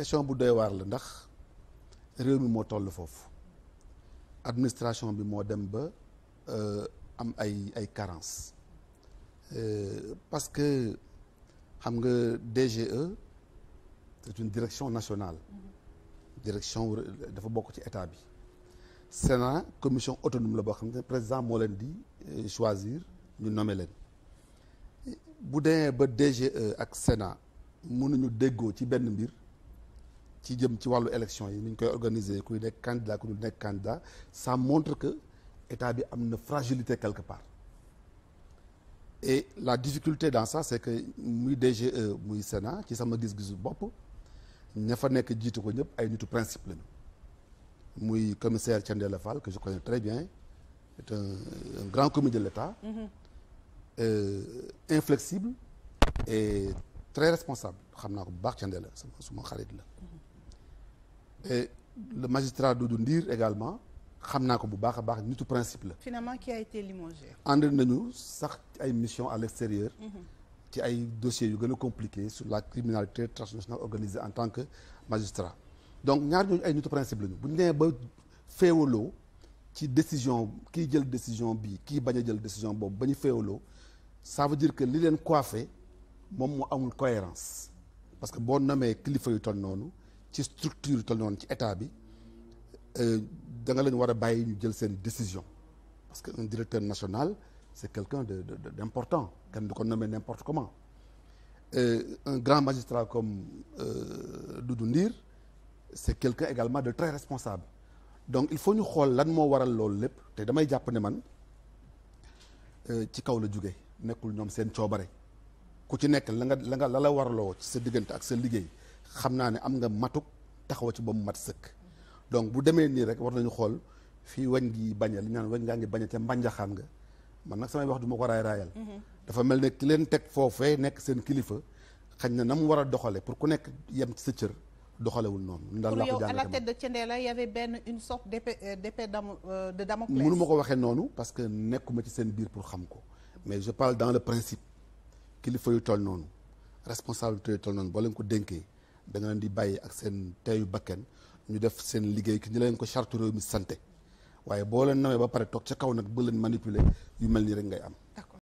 question bu doy waar la ndax réew mi moo toll foofu administration bi moo dem ba euh, am ay ay carence euh, parce que xam nga DGE c'est une direction nationale direction dafa bokk ci état bi Sénat commission autonome la boo xam ne président moo leen di euh, choisir ñu nommer leen bu demee ba DGE ak Sénat mënuñu déggoo ci benn mbir ci jëm ci wàllu élection yi ni koy organiser ku nekk candidat ku dul nekk candidat ça montre que état bi am na fragilité quelque part et la difficulté dans ça c'est que muy DGE muy Sénat ci sama gis-gisu bopp ña fa nekk jiitu ko ñëpp ay nitu principe lañu muy commissaire Thiendella Fall que je connais très bien c'est un, un grand commis de l'État mm-hmm. euh, inflexible et très responsable xam naa ko bu baax la sama suma xarit la mm-hmm. le magistrat Doudou Ndir également xam naa ko bu baax a baax nitu principe la. finalement qui a été limogé. ànd nañu sax ay mission à l'extérieur. Mhm. ci ay dossiers yu gën a compliqué sur la criminalité transnationale organisée en tant que magistrat donc ñaar ñooñu ay nitu principe lañu bu ñu nee ba feewaloo ci décision kii jël décision bi kii bañ a jël décision boobu bañu ñu féewaloo ça veut dire que li leen coiffé moom mu amul cohérence parce que boo namee kilifa yu toll noonu. ci structure yu toll noonu ci état bi euh, da nga leen war a bàyyi ñu jël seen décision parce que un directeur national c'est quelqu'un de de d'important kenn du ko nommer n'importe comment euh, un grand magistrat comme du euh, Doudou Ndir c'est quelqu'un également de très responsable donc il faut ñu xool lan moo waral loolu lépp te damay jàpp ne man euh, ci kaw la jóge nekkul ñoom seen coobare ku ci nekk la nga la nga la la warloo ci sa diggante ak sa liggéey xam naa ne am nga matuk taxaw ci ba mu mat sëkk donc bu demee nii rek war nañu xool fii wañ gi baña li ñaan wañ ngaa ngi baña te mbanjaxaan nga man nag samay wax du ma ko raay raayal mhm. dafa mel ne ki leen teg foofee nekk seen kilifa xañ na na mu war a doxale pour ku nekk yem ci sa cër doxalewul noonu ñu daal laa ko jàngatee la tête benn une sorte d'épée euh, d'épée mënu euh, ma ko waxee noonu parce que nekkuma ci seen biir pour xam ko mais je dans le principe kilifa yu toll noonu responsabilité yu toll noonu boo ko dénkee da leen di bàyyi ak seen teeyu bakken ñu def seen liggéey ki ñu leen ko charte réew mi santé waaye boo leen nawee ba pare toog ca kaw nag ba leen manipuler yu mel nii rek ngay am